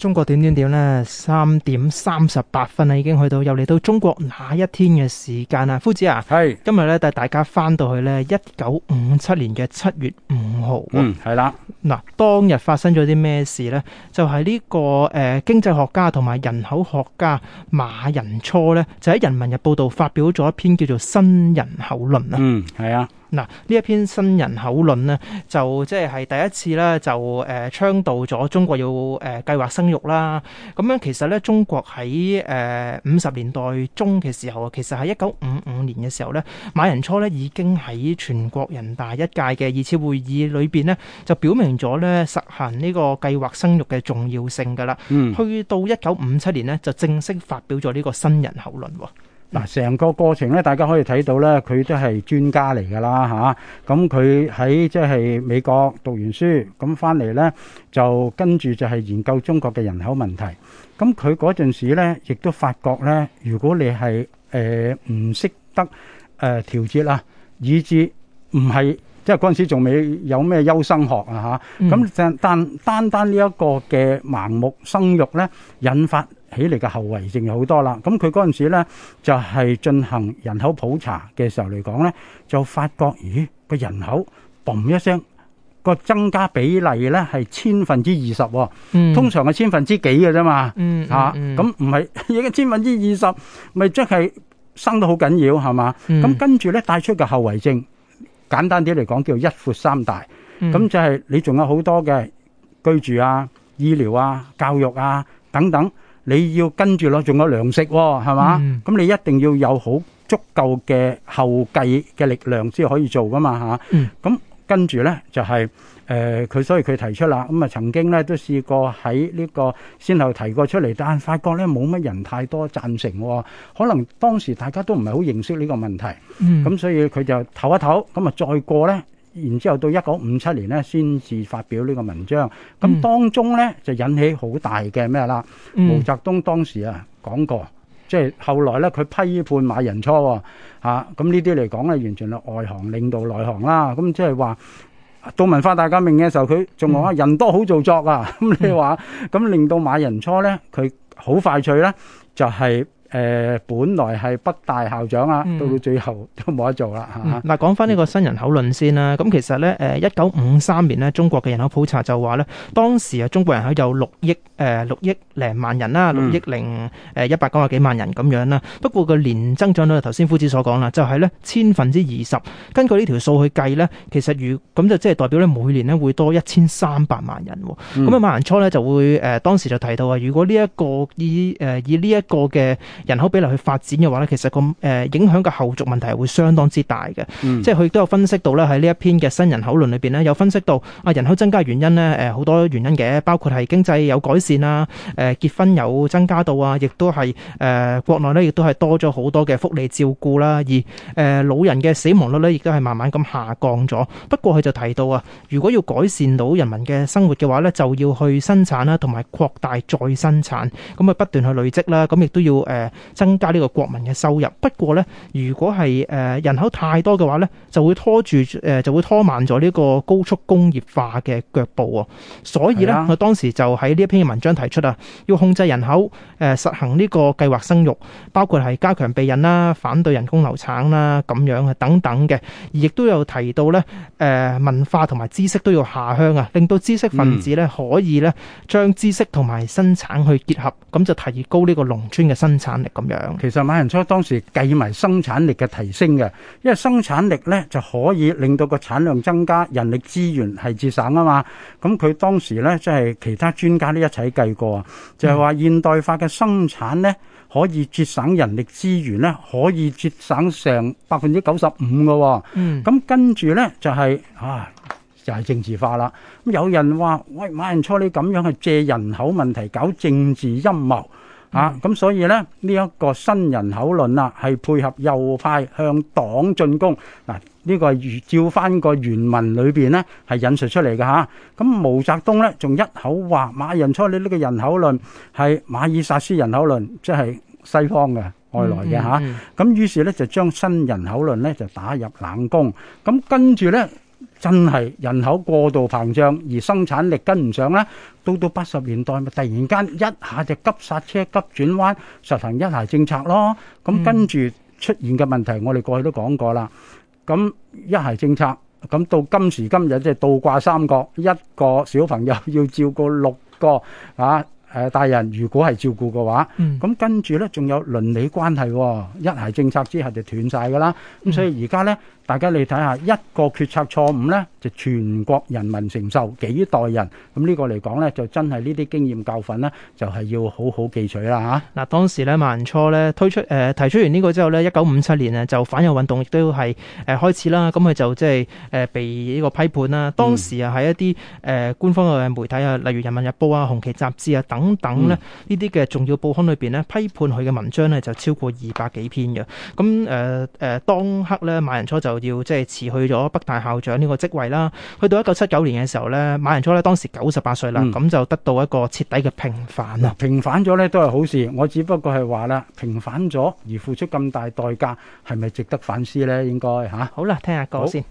中國點點點咧，三點三十八分啦，已經去到又嚟到中國那一天嘅時間啦，夫子啊，係今日咧帶大家翻到去咧一九五七年嘅七月五號，嗯係啦嗱，當日發生咗啲咩事呢？就係呢個誒，經濟學家同埋人口學家馬寅初咧，就喺《人民日報》度發表咗一篇叫做《新人口論》啊，嗯係啊。嗱，呢一篇新人口論呢，就即係第一次咧，就誒倡導咗中國要誒計劃生育啦。咁樣其實咧，中國喺誒五十年代中嘅時候啊，其實喺一九五五年嘅時候咧，馬寅初咧已經喺全國人大一屆嘅二次會議裏邊呢，就表明咗咧實行呢個計劃生育嘅重要性噶啦。嗯，去到一九五七年呢，就正式發表咗呢個新人口論喎。嗱，成個過程咧，大家可以睇到咧，佢都係專家嚟噶啦嚇。咁佢喺即係美國讀完書，咁翻嚟咧就跟住就係研究中國嘅人口問題。咁佢嗰陣時咧，亦都發覺咧，如果你係誒唔識得誒、呃、調節啦，以至唔係。因為嗰陣時仲未有咩優生學啊吓，咁但、嗯、但單單呢一個嘅盲目生育咧，引發起嚟嘅後遺症好多啦。咁佢嗰陣時咧就係、是、進行人口普查嘅時候嚟講咧，就發覺咦個人口嘣一聲個增加比例咧係千分之二十、嗯，通常係千分之幾嘅啫嘛，吓咁唔係已經千分之二十，咪即係生到好緊要係嘛？咁跟住咧帶出嘅後遺症。嗯嗯簡單啲嚟講，叫一闊三大，咁就係你仲有好多嘅居住啊、醫療啊、教育啊等等，你要跟住咯，仲有糧食喎、啊，係嘛？咁、嗯、你一定要有好足夠嘅後繼嘅力量先可以做噶嘛嚇。咁跟住呢、就是，就係誒佢，所以佢提出啦。咁、嗯、啊，曾經呢都試過喺呢個先後提過出嚟，但係發覺呢冇乜人太多贊成喎、哦。可能當時大家都唔係好認識呢個問題，咁、嗯嗯、所以佢就唞一唞，咁啊再過呢。然之後到一九五七年呢，先至發表呢個文章。咁、嗯嗯、當中呢，就引起好大嘅咩啦？毛澤東當時啊講過。即係後來咧，佢批判馬寅初喎，咁、啊、呢啲嚟講咧，完全係外行領導內行啦。咁即係話到文化大革命嘅時候，佢仲講人多好做作啊。咁、嗯嗯、你話咁令到馬寅初咧，佢好快脆咧，就係、是。誒、呃，本來係北大校長啊，到、嗯、到最後都冇得做啦吓。嗱、嗯，講翻呢個新人口論先啦。咁、嗯、其實咧，誒，一九五三年咧，中國嘅人口普查就話咧，當時啊，中國人口有六億誒、呃，六億零萬人啦，六億零誒、呃、一百九十幾萬人咁樣啦。嗯、不過個年增長到頭先夫子所講啦，就係咧千分之二十。根據條數，呢條數去計咧，其實如咁就即係代表咧，每年咧會多一千三百萬人。咁啊、嗯，馬寅初咧就會誒，當時就提到啊，如果呢一個以誒以呢一個嘅人口比例去發展嘅話咧，其實個誒影響嘅後續問題係會相當之大嘅。嗯、即係佢亦都有分析到咧，喺呢一篇嘅新人口論裏邊咧，面有分析到啊，人口增加原因咧，誒好多原因嘅，包括係經濟有改善啦、誒結婚有增加到啊，亦都係誒、呃、國內咧亦都係多咗好多嘅福利照顧啦，而誒老人嘅死亡率咧亦都係慢慢咁下降咗。不過佢就提到啊，如果要改善到人民嘅生活嘅話咧，就要去生產啦，同埋擴大再生產，咁啊不斷去累積啦，咁亦都要誒、呃增加呢個國民嘅收入，不過呢，如果係誒、呃、人口太多嘅話呢就會拖住誒、呃、就會拖慢咗呢個高速工業化嘅腳步。所以呢，佢當時就喺呢一篇文章提出啊，要控制人口，誒、呃、實行呢個計劃生育，包括係加強避孕啦、反對人工流產啦，咁樣啊等等嘅。而亦都有提到呢，誒、呃、文化同埋知識都要下鄉啊，令到知識分子呢可以呢將知識同埋生產去結合，咁、嗯、就提高呢個農村嘅生產。力咁樣，其實馬寅初當時計埋生產力嘅提升嘅，因為生產力咧就可以令到個產量增加，人力資源係節省啊嘛。咁佢當時咧即係其他專家都一齊計過啊，就係話現代化嘅生產咧可以節省人力資源咧，可以節省成百分之九十五噶。嗯，咁跟住咧就係啊，又係政治化啦。咁有人話喂，馬寅初你咁樣去借人口問題搞政治陰謀。啊，咁所以咧呢一，這個新人口論啊，係配合右派向黨進攻嗱，呢，啊這個係照翻個原文裏邊咧係引述出嚟嘅吓。咁，啊啊，毛澤東咧仲一口話馬寅初你呢個人口論係馬爾薩斯人口論，即係西方嘅外來嘅吓。咁，啊嗯嗯嗯啊，於是咧就將新人口論咧就打入冷宮。咁，啊，跟住咧。真係人口過度膨脹，而生產力跟唔上呢。到到八十年代咪突然間一下就急煞車、急轉彎，實行一孩政策咯。咁、嗯、跟住出現嘅問題，我哋過去都講過啦。咁一孩政策，咁到今時今日即係倒掛三角，一個小朋友要照顧六個啊！誒大人，如果係照顧嘅話，咁跟住咧仲有倫理關係喎，一係政策之下就斷晒㗎啦。咁所以而家咧，大家你睇下一個決策錯誤咧，就全國人民承受幾代人。咁呢個嚟講咧，就真係呢啲經驗教訓呢，就係要好好記取啦嚇。嗱，當時咧馬寅初咧推出誒提出完呢個之後咧，一九五七年啊就反右運動亦都係誒開始啦。咁佢就即係誒被呢個批判啦。當時啊喺一啲誒官方嘅媒體啊，例如《人民日報》啊、《紅旗雜誌》啊等。等等咧呢啲嘅重要報刊裏邊咧批判佢嘅文章咧就超過二百幾篇嘅。咁誒誒，當刻咧馬寅初就要即係辭去咗北大校長呢個職位啦。去到一九七九年嘅時候咧，馬寅初咧當時九十八歲啦，咁、嗯、就得到一個徹底嘅平反啦。平反咗咧都係好事，我只不過係話啦，平反咗而付出咁大代價係咪值得反思咧？應該吓、啊、好啦，聽下歌先。